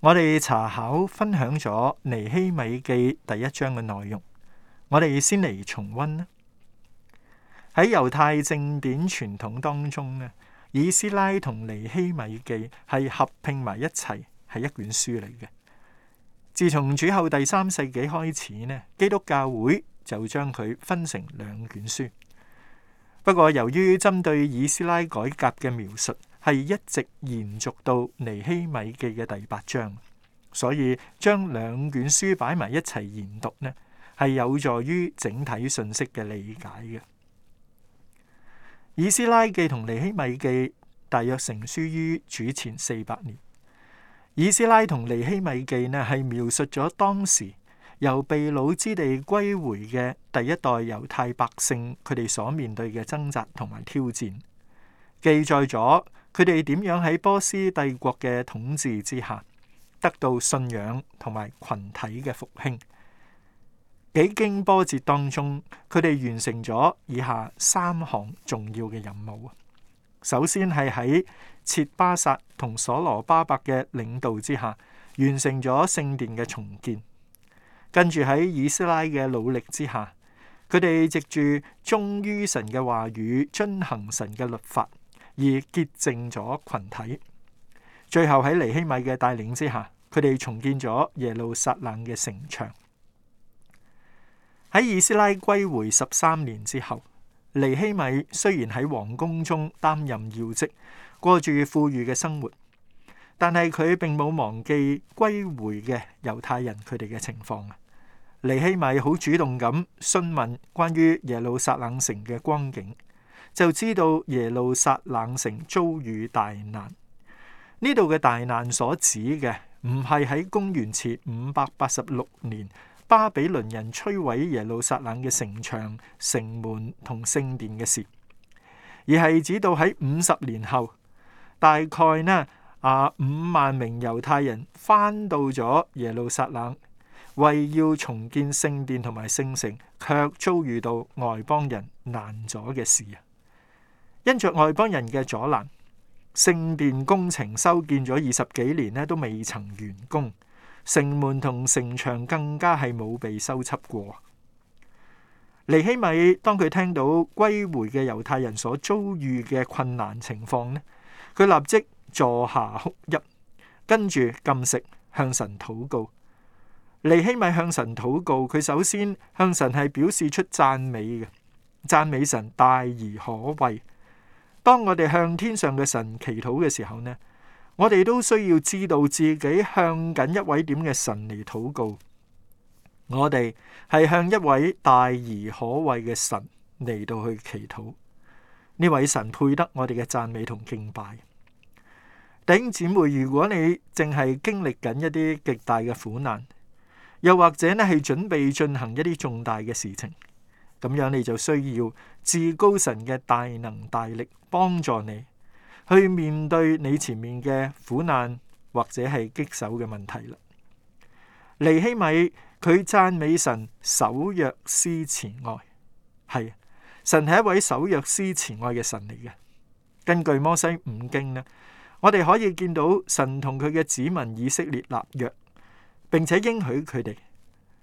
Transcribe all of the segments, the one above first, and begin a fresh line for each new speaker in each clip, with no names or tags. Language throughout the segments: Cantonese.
我哋查考分享咗尼希米記第一章嘅內容，我哋先嚟重溫。喺猶太正典傳統當中呢，以斯拉同尼希米記係合併埋一齊，係一卷書嚟嘅。自從主後第三世紀開始呢，基督教會就將佢分成兩卷書。不過由於針對以斯拉改革嘅描述。係一直延續到尼希米記嘅第八章，所以將兩卷書擺埋一齊研讀呢，係有助於整體信息嘅理解嘅。以斯拉記同尼希米記大約成書於主前四百年。以斯拉同尼希米記呢，係描述咗當時由被擄之地歸回嘅第一代猶太百姓，佢哋所面對嘅掙扎同埋挑戰，記載咗佢哋點樣喺波斯帝國嘅統治之下得到信仰同埋群體嘅復興？幾經波折當中，佢哋完成咗以下三項重要嘅任務。首先係喺切巴薩同所羅巴伯嘅領導之下，完成咗聖殿嘅重建。跟住喺以斯拉嘅努力之下，佢哋藉住忠於神嘅話語，遵行神嘅律法。而潔淨咗群體，最後喺尼希米嘅帶領之下，佢哋重建咗耶路撒冷嘅城牆。喺以斯拉歸回十三年之後，尼希米雖然喺皇宮中擔任要職，過住富裕嘅生活，但係佢並冇忘記歸回嘅猶太人佢哋嘅情況啊！尼希米好主動咁詢問關於耶路撒冷城嘅光景。就知道耶路撒冷城遭遇大難。呢度嘅大難所指嘅，唔係喺公元前五百八十六年巴比倫人摧毀耶路撒冷嘅城牆、城門同聖殿嘅事，而係指到喺五十年後，大概呢啊五萬名猶太人翻到咗耶路撒冷，為要重建聖殿同埋聖城，卻遭遇到外邦人難咗嘅事。因着外邦人嘅阻攔，聖殿工程修建咗二十幾年咧，都未曾完工。城門同城牆更加係冇被修葺過。尼希米當佢聽到歸回嘅猶太人所遭遇嘅困難情況咧，佢立即坐下哭泣，跟住禁食向神禱告。尼希米向神禱告，佢首先向神係表示出讚美嘅，讚美神大而可畏。當我哋向天上嘅神祈禱嘅時候呢，我哋都需要知道自己向緊一位點嘅神嚟禱告。我哋係向一位大而可畏嘅神嚟到去祈禱。呢位神配得我哋嘅讚美同敬拜。弟兄姐妹，如果你正係經歷緊一啲極大嘅苦難，又或者呢係準備進行一啲重大嘅事情。咁樣你就需要至高神嘅大能大力幫助你去面對你前面嘅苦難或者係棘手嘅問題啦。尼希米佢讚美神守約施慈愛，係、啊、神係一位守約施慈愛嘅神嚟嘅。根據摩西五經咧，我哋可以見到神同佢嘅子民以色列立約，並且應許佢哋，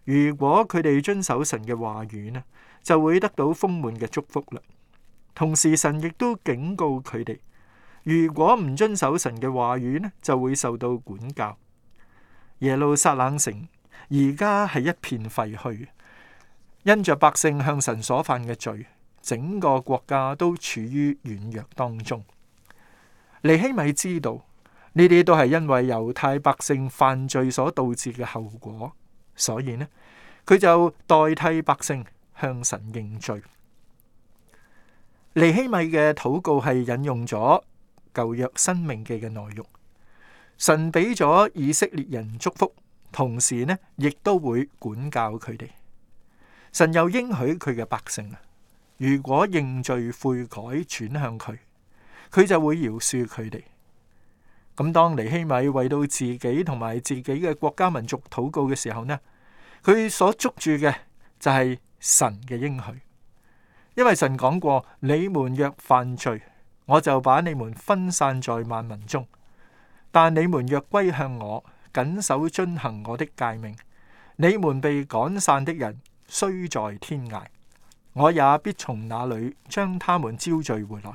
如果佢哋遵守神嘅話語咧，就會得到豐滿嘅祝福啦。同時，神亦都警告佢哋，如果唔遵守神嘅話語呢，就會受到管教。耶路撒冷城而家係一片廢墟，因着百姓向神所犯嘅罪，整個國家都處於軟弱當中。尼希米知道呢啲都係因為猶太百姓犯罪所導致嘅後果，所以呢，佢就代替百姓。向神認罪。尼希米嘅禱告係引用咗舊約申命記嘅內容。神俾咗以色列人祝福，同時呢，亦都會管教佢哋。神又應許佢嘅百姓啊，如果認罪悔改轉向佢，佢就會饒恕佢哋。咁當尼希米為到自己同埋自己嘅國家民族禱告嘅時候呢，佢所捉住嘅就係、是。神嘅應許，因為神講過：你們若犯罪，我就把你們分散在萬民中；但你們若歸向我，謹守遵行我的誡命，你們被趕散的人雖在天涯，我也必從那裏將他們招聚回來，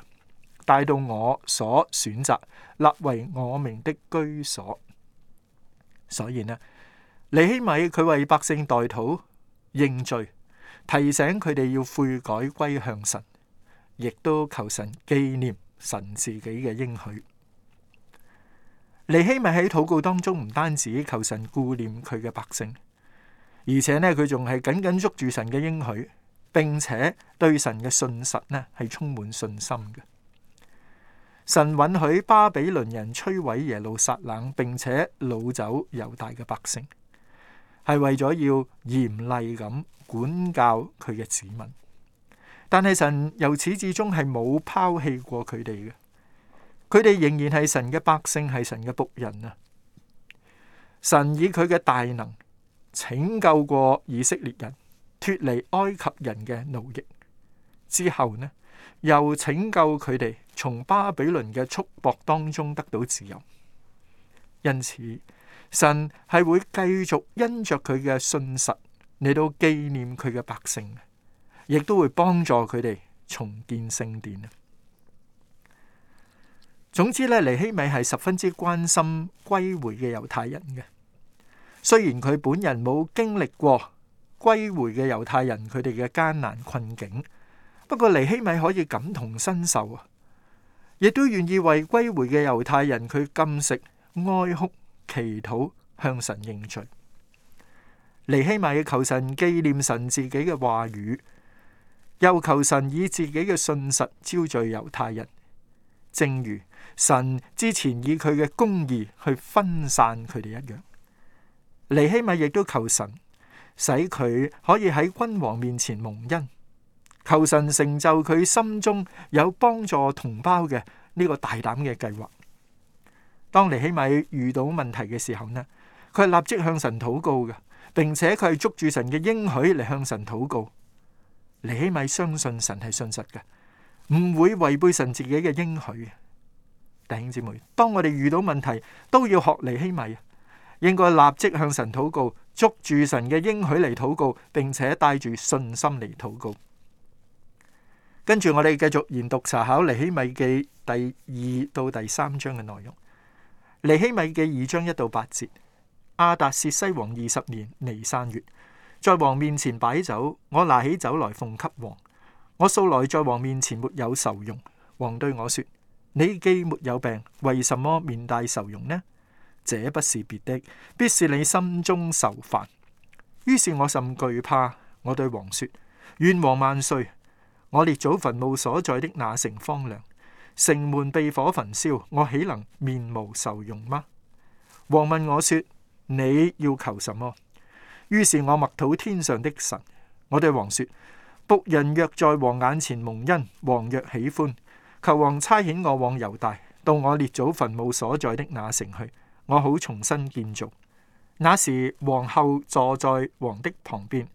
帶到我所選擇立為我名的居所。所以呢，尼希米佢為百姓代禱認罪。提醒佢哋要悔改歸向神，亦都求神紀念神自己嘅應許。尼希米喺禱告當中唔單止求神顧念佢嘅百姓，而且呢，佢仲係緊緊捉住神嘅應許，並且對神嘅信實呢，係充滿信心嘅。神允許巴比倫人摧毀耶路撒冷，並且擄走猶大嘅百姓，係為咗要嚴厲咁。管教佢嘅子民，但係神由始至終係冇拋棄過佢哋嘅，佢哋仍然係神嘅百姓，係神嘅僕人啊！神以佢嘅大能拯救過以色列人脫離埃及人嘅奴役，之後呢，又拯救佢哋從巴比倫嘅束縛當中得到自由。因此，神係會繼續因着佢嘅信實。嚟到紀念佢嘅百姓，亦都會幫助佢哋重建聖殿啊！總之咧，尼希米係十分之關心歸回嘅猶太人嘅。雖然佢本人冇經歷過歸回嘅猶太人佢哋嘅艱難困境，不過尼希米可以感同身受啊！亦都願意為歸回嘅猶太人佢禁食、哀哭、祈禱，向神認罪。尼希米求神紀念神自己嘅話語，又求神以自己嘅信實招聚猶太人，正如神之前以佢嘅公義去分散佢哋一樣。尼希米亦都求神使佢可以喺君王面前蒙恩，求神成就佢心中有幫助同胞嘅呢個大膽嘅計劃。當尼希米遇到問題嘅時候呢，佢係立即向神禱告嘅。並且佢係捉住神嘅應許嚟向神禱告，尼希米相信神係信實嘅，唔會違背神自己嘅應許嘅。弟兄姊妹，當我哋遇到問題，都要學尼希米啊，應該立即向神禱告，捉住神嘅應許嚟禱告，並且帶住信心嚟禱告。跟住我哋繼續研讀查考尼希米嘅第二到第三章嘅內容，尼希米嘅二章一到八節。亞達薛西王二十年尼散月，在王面前擺酒，我拿起酒來奉給王。我素來在王面前沒有愁容，王對我說：你既沒有病，為什麼面帶愁容呢？這不是別的，必是你心中愁煩。於是我甚懼怕，我對王說：願王萬歲！我列祖墳墓所在的那城荒涼，城門被火焚燒，我豈能面無愁容嗎？王問我說：你要求什麼？於是我默禱天上的神，我對王說：僕人若在王眼前蒙恩，王若喜歡，求王差遣我往猶大，到我列祖墳墓所在的那城去，我好重新建造。那時王后坐在王的旁邊，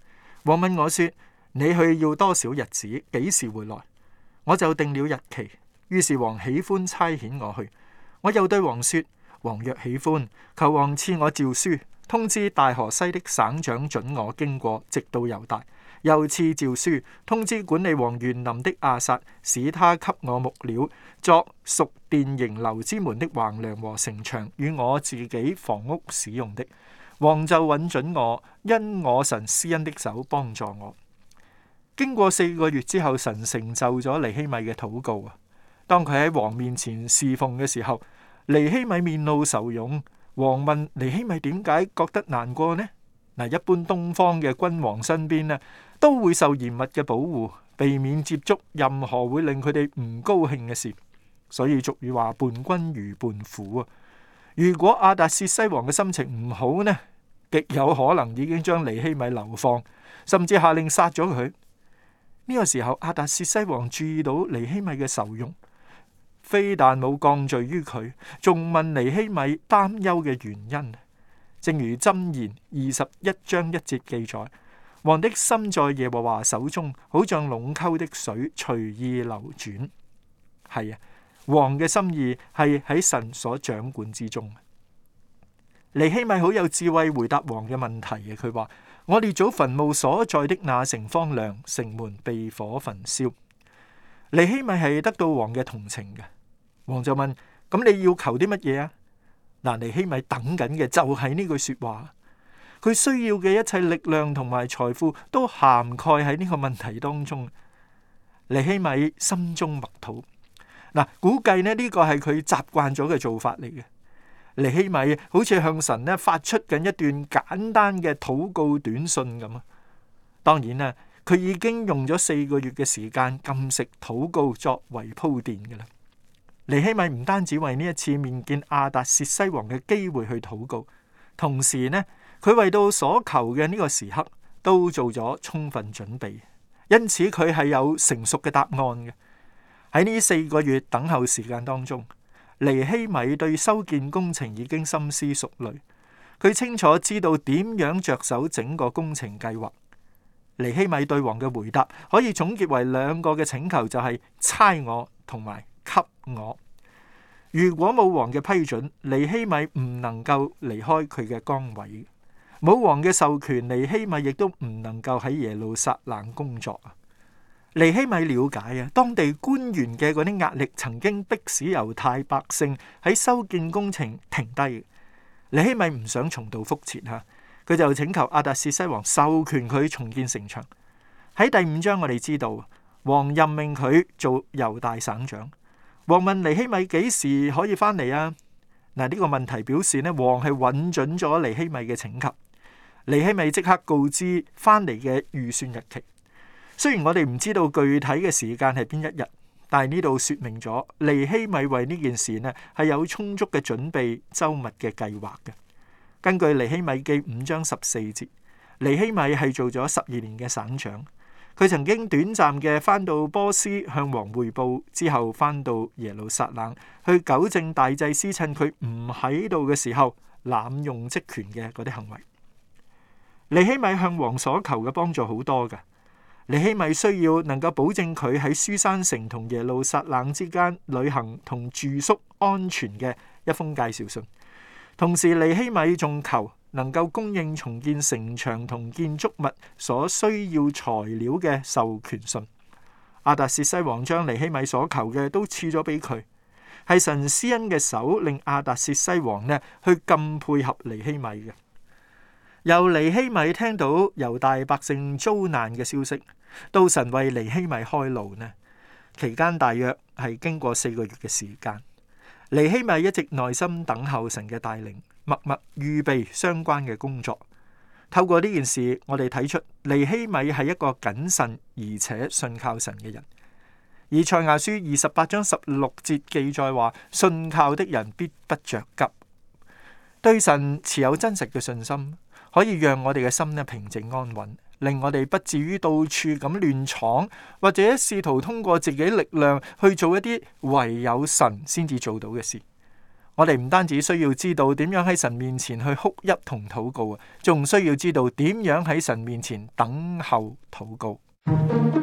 王問我說：你去要多少日子？幾時回來？我就定了日期。於是王喜歡差遣我去。我又對王說：王若喜歡，求王賜我詔書，通知大河西的省長准我經過，直到猶大。又賜詔書，通知管理王園林的亞薩，使他給我木料，作屬殿營樓之門的橫梁和城牆，與我自己房屋使用的。王就允准我，因我神施恩的手幫助我。經過四個月之後，神成就咗尼希米嘅禱告啊！當佢喺王面前侍奉嘅時候。尼希米面露愁容，王問尼希米點解覺得難過呢？嗱，一般東方嘅君王身邊呢，都會受嚴密嘅保護，避免接觸任何會令佢哋唔高興嘅事。所以俗語話伴君如伴虎啊！如果亞達薛西王嘅心情唔好呢，極有可能已經將尼希米流放，甚至下令殺咗佢。呢個時候，亞達薛西王注意到尼希米嘅愁容。非但冇降罪於佢，仲問尼希米擔憂嘅原因。正如箴言二十一章一節記載：王的心在耶和華手中，好像隴溝的水隨意流轉。係啊，王嘅心意係喺神所掌管之中。尼希米好有智慧回答王嘅問題嘅。佢話：我哋祖墳墓所在的那城荒涼，城門被火焚燒。尼希米係得到王嘅同情嘅。王就問，咁你要求啲乜嘢啊？嗱，尼希米等緊嘅就係呢句說話，佢需要嘅一切力量同埋財富都涵蓋喺呢個問題當中。尼希米心中默禱，嗱，估計咧，呢，呢個係佢習慣咗嘅做法嚟嘅。尼希米好似向神咧，發出緊一段簡單嘅禱告短信咁啊。當然啦，佢已經用咗四個月嘅時間禁食禱告作為鋪墊噶啦。尼希米唔單止為呢一次面見亞達薛西王嘅機會去禱告，同時呢，佢為到所求嘅呢個時刻都做咗充分準備，因此佢係有成熟嘅答案嘅。喺呢四個月等候時間當中，尼希米對修建工程已經深思熟慮，佢清楚知道點樣着手整個工程計劃。尼希米對王嘅回答可以總結為兩個嘅請求，就係、是、差我同埋。給我，如果冇王嘅批准，尼希米唔能夠離開佢嘅崗位，冇王嘅授權，尼希米亦都唔能夠喺耶路撒冷工作啊。尼希米了解啊，當地官員嘅嗰啲壓力，曾經迫使猶太百姓喺修建工程停低。尼希米唔想重蹈覆轍啊，佢就請求亞達薛西王授權佢重建城牆。喺第五章，我哋知道王任命佢做猶大省長。王問尼希米幾時可以翻嚟啊？嗱，呢個問題表示咧，王係揾准咗尼希米嘅請求。尼希米即刻告知翻嚟嘅預算日期。雖然我哋唔知道具體嘅時間係邊一日，但係呢度說明咗尼希米為呢件事呢係有充足嘅準備、周密嘅計劃嘅。根據尼希米記五章十四節，尼希米係做咗十二年嘅省長。佢曾經短暫嘅翻到波斯向王匯報之後，翻到耶路撒冷去糾正大祭司趁佢唔喺度嘅時候濫用職權嘅嗰啲行為。尼希米向王所求嘅幫助好多㗎，尼希米需要能夠保證佢喺書珊城同耶路撒冷之間旅行同住宿安全嘅一封介紹信，同時尼希米仲求，能夠供應重建城牆同建築物所需要材料嘅授權信，亞達薛西王將尼希米所求嘅都賜咗俾佢，係神施恩嘅手令亞達薛西王呢去咁配合尼希米嘅。由尼希米聽到猶大百姓遭難嘅消息，到神為尼希米開路呢期間大約係經過四個月嘅時間，尼希米一直耐心等候神嘅帶領，默默預備相關嘅工作，透過呢件事，我哋睇出尼希米係一個謹慎而且信靠神嘅人。而賽亞書二十八章十六節記載話：信靠的人必不着急。對神持有真實嘅信心，可以讓我哋嘅心呢平靜安穩，令我哋不至於到處咁亂闖，或者試圖通過自己力量去做一啲唯有神先至做到嘅事。我哋唔單止需要知道點樣喺神面前去哭泣同禱告啊，仲需要知道點樣喺神面前等候禱告。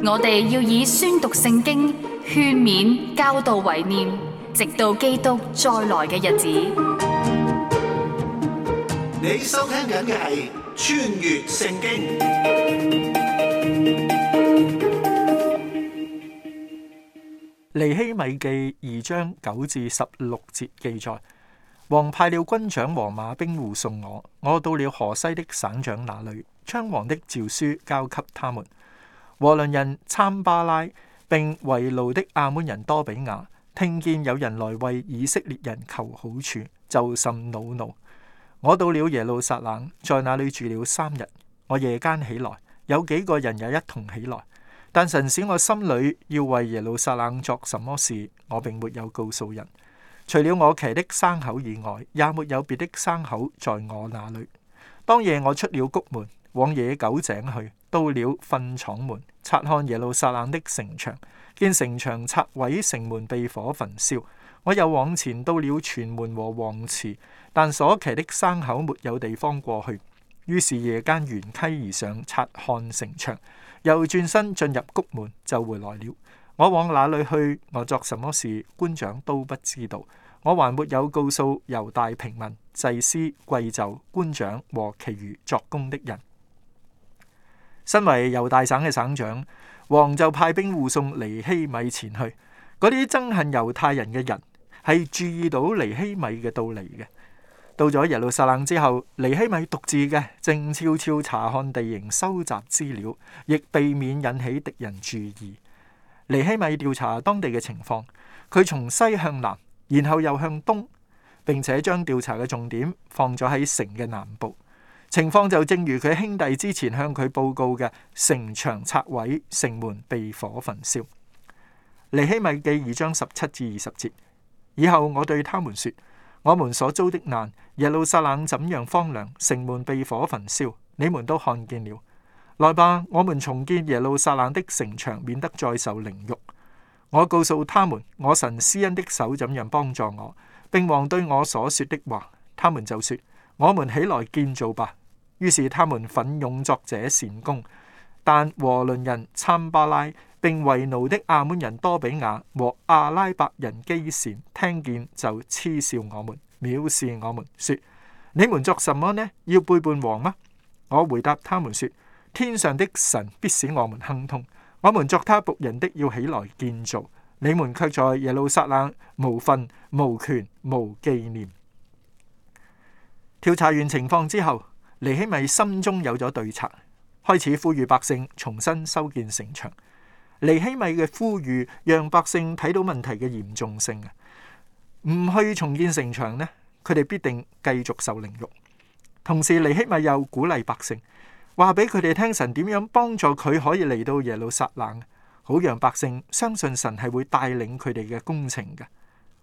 我哋要以宣讀聖經、勸勉、教導、為念，直到基督再來嘅日子。你收聽緊嘅係穿越聖經。尼希米記二章九至十六節記載：王派了軍長和馬兵護送我，我到了河西的省長那裡，將王的詔書交給他們。和倫人參巴拉並為奴的亞捫人多比亞，聽見有人來為以色列人求好處，就甚惱怒。我到了耶路撒冷，在那裡住了三日。我夜間起來，有幾個人也一同起來。但神使我心裏要為耶路撒冷作什麼事，我並沒有告訴人。除了我騎的牲口以外，也沒有別的牲口在我那裏。當夜我出了谷門，往野狗井去，到了糞廠門，察看耶路撒冷的城牆，見城牆拆毀，城門被火焚燒。我又往前到了泉門和王池，但所騎的牲口沒有地方過去。於是夜間沿溪而上，察看城牆，又轉身進入谷門就回來了。我往哪裏去？我作什麼事？官長都不知道。我還沒有告訴猶大平民、祭司、貴胄、官長和其餘作工的人。身為猶大省嘅省長，王就派兵護送尼希米前去。嗰啲憎恨猶太人嘅人，係注意到尼希米嘅到嚟嘅。到咗耶路撒冷之後，尼希米獨自嘅靜悄悄查看地形，收集資料，亦避免引起敵人注意。尼希米調查當地嘅情況，佢從西向南，然後又向東，並且將調查嘅重點放咗喺城嘅南部。情況就正如佢兄弟之前向佢報告嘅，城牆拆毀，城門被火焚燒。尼希米記二章十七至二十節，以後我對他們說。我們所遭的難，耶路撒冷怎樣荒涼，城門被火焚燒，你們都看見了。來吧，我們重建耶路撒冷的城牆，免得再受凌辱。我告訴他們，我神施恩的手怎樣幫助我，並王對我所說的話，他們就說：我們起來建造吧。於是他們奮勇作這善工，但和倫人參巴拉。並為奴的亞捫人多比雅和阿拉伯人基善聽見就嗤笑我們，藐視我們，說：你們作什麼呢？要背叛王嗎？我回答他們說：天上的神必使我們亨通，我們作他僕人的要起來建造，你們卻在耶路撒冷無份無權無紀念。調查完情況之後，尼希米心中有咗對策，開始呼籲百姓重新修建城牆。尼希米嘅呼籲，讓百姓睇到問題嘅嚴重性啊！唔去重建城牆咧，佢哋必定繼續受凌辱。同時，尼希米又鼓勵百姓，話俾佢哋聽神點樣幫助佢可以嚟到耶路撒冷，好讓百姓相信神係會帶領佢哋嘅工程嘅。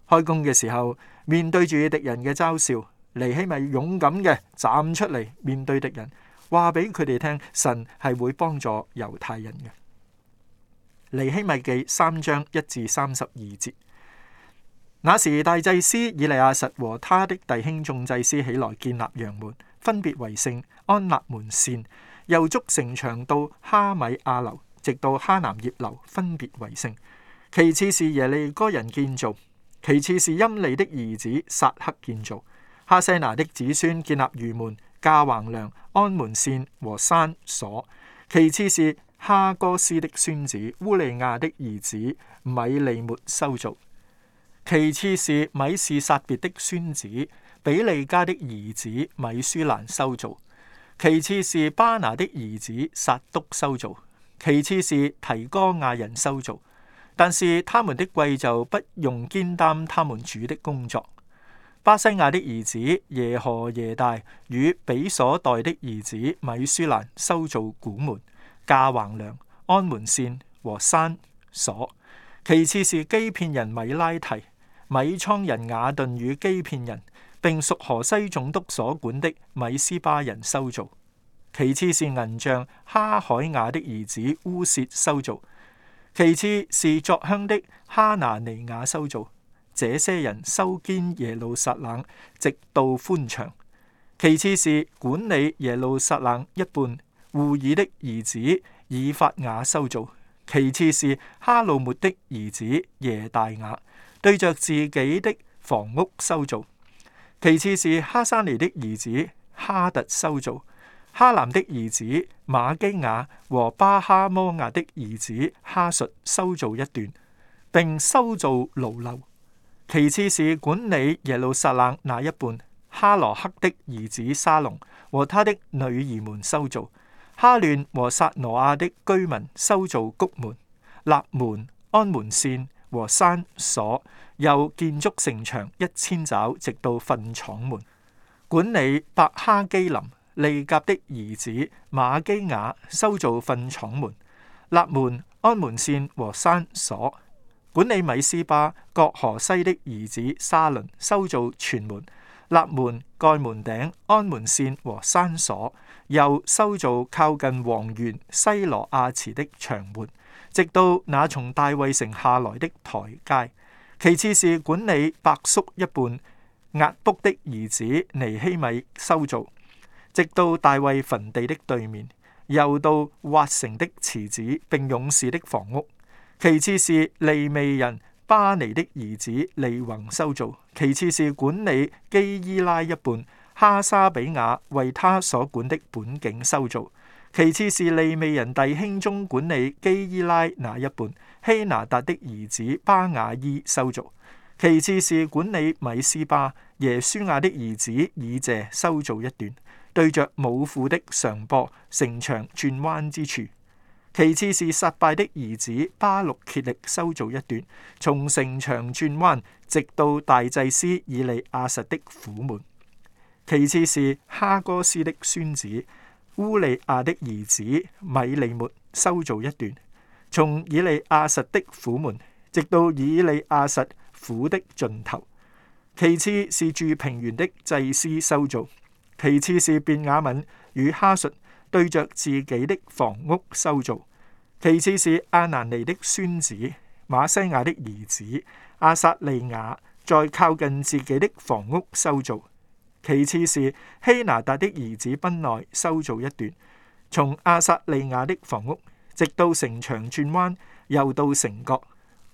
開工嘅時候，面對住敵人嘅嘲笑，尼希米勇敢嘅站出嚟面對敵人，話俾佢哋聽神係會幫助猶太人嘅。尼希米記三章一至三十二節。那時大祭司以利亞實和他的弟兄眾祭司起來建立羊門，分別為聖安立門扇，又築城牆到哈米亞樓，直到哈南葉樓，分別為聖。其次，是耶利哥人建造；其次，是陰利的兒子撒克建造。哈西拿的子孫建立魚門、架橫梁、安門扇和山鎖。其次是。哈哥斯的孫子烏利亞的兒子米利末修造，其次是米士撒別的孫子比利加的兒子米舒蘭修造，其次是巴拿的兒子撒督修造，其次是提哥亞人修造。但是他們的貴就不用肩擔他們主的工作。巴西亞的兒子耶何耶大與比所代的兒子米舒蘭修造古門，架橫梁、安門扇和閂鎖。其次是基遍人米拉提、米倉人雅頓與基遍人，並屬河西總督所管的米斯巴人修造。其次是銀匠哈海雅的兒子烏薛修造。其次是作香的哈拿尼雅修造。這些人修堅耶路撒冷，直到寬牆。其次是管理耶路撒冷一半。戶爾的兒子以法雅修造，其次是哈魯末的兒子耶大雅對着自己的房屋修造，其次是哈山尼的兒子哈特修造，哈南的兒子馬基雅和巴哈摩亞的兒子哈述修造一段，並修造牢樓。其次是管理耶路撒冷那一半，哈羅克的兒子沙龍和他的女兒們修造。哈亂和撒羅亞的居民修造谷門、立門、安門線和閂鎖，又建築城牆一千肘直到糞廠門。管理伯哈基林利甲的兒子馬基雅修造糞廠門、立門、安門線和閂鎖。管理米斯巴各河西的兒子沙倫修造泉門、立門、蓋門頂、安門線和閂鎖。又修造靠近王園西羅亞池的牆垣，直到那從大衛城下來的臺階。其次，是管理伯夙一半押卜的兒子尼希米修造，直到大衛墳地的對面，又到挖成的池子並勇士的房屋。其次，是利未人巴尼的兒子利宏修造。其次，是管理基伊拉一半。哈沙比雅為他所管的本境修造，其次，是利未人弟兄中管理基伊拉那一半希拿達的兒子巴雅伊修造，其次，是管理米斯巴耶書亞的兒子以謝修造一段，對着武庫的上坡城牆轉彎之處；其次是撒拜的兒子巴錄竭力修造一段，從城牆轉彎直到大祭司以利亞實的府門。其次，是哈哥斯的孫子烏利亞的兒子米利末修造一段，從以利亞實的府門直到以利亞實府的盡頭。其次，是住平原的祭司修造。其次，是便雅敏與哈述對着自己的房屋修造。其次，是阿難尼的孫子馬西亞的兒子阿薩利亞，在靠近自己的房屋修造。其次，是希拿達的兒子賓內修造一段，從亞撒利雅的房屋，直到城牆轉彎，又到城角。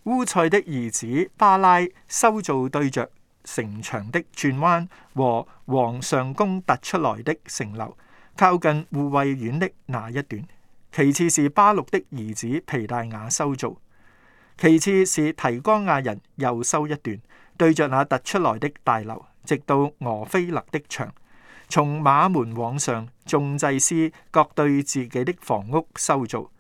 烏賽的兒子巴拉修造對着城牆的轉彎和王上宮突出來的城樓，靠近護衛院的那一段。其次，是巴錄的兒子毗大雅修造。其次，是提哥亞人又修一段，對着那突出來的大樓。直到俄菲勒的牆，從馬門往上，眾祭司各對自己的房屋修造。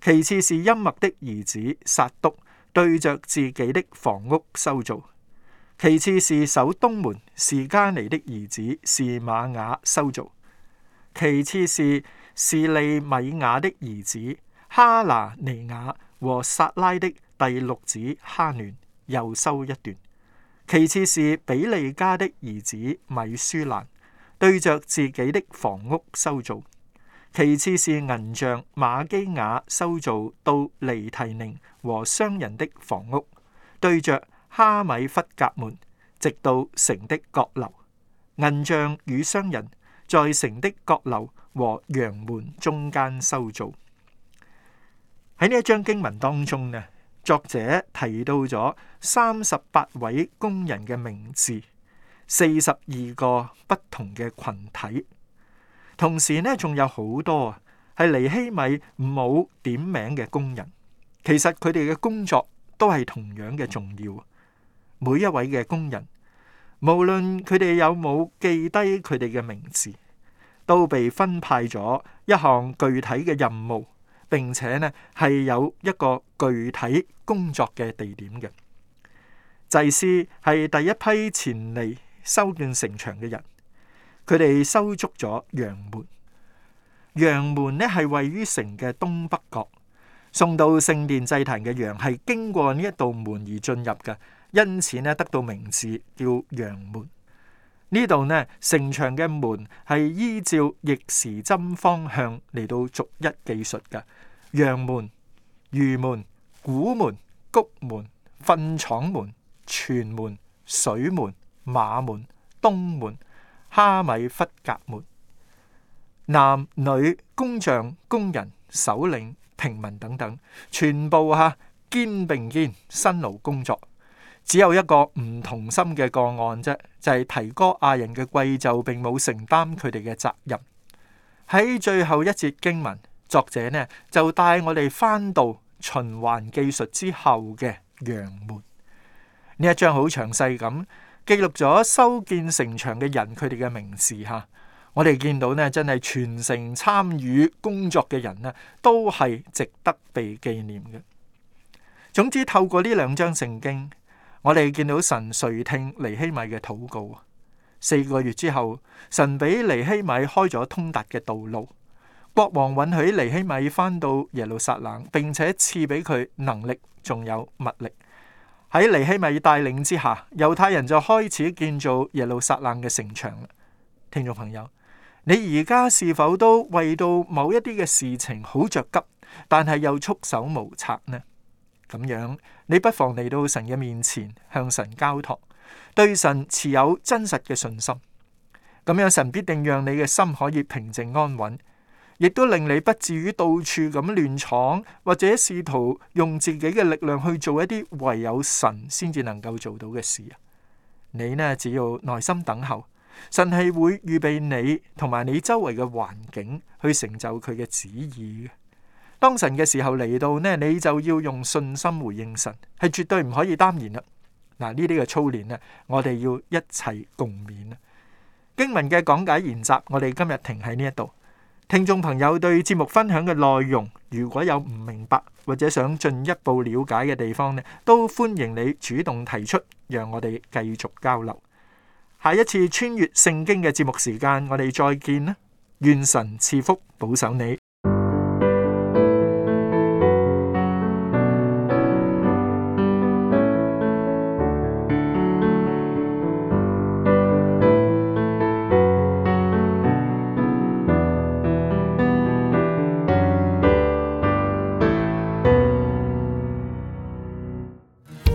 其次，是音麥的兒子撒督，對着自己的房屋修造。其次，是守東門示迦尼的兒子示瑪雅修造。其次，是示利米雅的兒子哈拿尼雅和薩拉的第六子哈嫩又修一段。其次是比利家的兒子米舒蘭對着自己的房屋修造；其次是銀匠馬基雅修造到尼提寧和商人的房屋，對着哈米弗甲門，直到城的角樓。銀匠與商人，在城的角樓和洋門中間修造。喺呢一張經文當中呢？作者提到咗三十八位工人嘅名字，四十二個不同嘅群體，同時呢，仲有好多啊，係尼希米冇點名嘅工人。其實佢哋嘅工作都係同樣嘅重要。每一位嘅工人，無論佢哋有冇記低佢哋嘅名字，都被分派咗一項具體嘅任務。並且咧，係有一個具體工作嘅地點嘅祭司係第一批前嚟修建城牆嘅人，佢哋修築咗羊門。羊門咧，係位於城嘅東北角。送到聖殿祭壇嘅羊係經過呢一道門而進入嘅，因此咧，得到名字叫羊門。呢度咧，城牆嘅門係依照逆時針方向嚟到逐一記述嘅，陽門、魚門、古門、谷門、糞廠門、泉門、水門、馬門、東門、哈米弗格門，男女工匠、工人、首領、平民等等，全部嚇肩並肩辛勞工作。只有一個唔同心嘅個案啫，就係、是、提哥亞人嘅貴胄並冇承擔佢哋嘅責任。喺最後一節經文，作者呢就帶我哋翻到循環技術之後嘅羊門呢，一章好詳細咁記錄咗修建城牆嘅人佢哋嘅名字吓，我哋見到呢真係全城參與工作嘅人呢，都係值得被紀念嘅。總之，透過呢兩章聖經。我哋見到神垂聽尼希米嘅禱告，四個月之後，神俾尼希米開咗通達嘅道路，國王允許尼希米返到耶路撒冷，並且賜俾佢能力，仲有物力。喺尼希米帶領之下，猶太人就開始建造耶路撒冷嘅城牆啦。聽眾朋友，你而家是否都為到某一啲嘅事情好着急，但係又束手無策呢？咁樣，你不妨嚟到神嘅面前，向神交託，對神持有真實嘅信心。咁樣，神必定讓你嘅心可以平靜安穩，亦都令你不至於到處咁亂闖，或者試圖用自己嘅力量去做一啲唯有神先至能夠做到嘅事啊！你呢，只要耐心等候，神係會預備你同埋你周圍嘅環境，去成就佢嘅旨意。當神嘅時候嚟到呢，你就要用信心回應神，係絕對唔可以耽延啦。嗱，呢啲嘅操練啊，我哋要一齊共勉啊！經文嘅講解研習，我哋今日停喺呢一度。聽眾朋友對節目分享嘅內容，如果有唔明白或者想進一步了解嘅地方呢，都歡迎你主動提出，讓我哋繼續交流。下一次穿越聖經嘅節目時間，我哋再見啦！願神賜福保守你。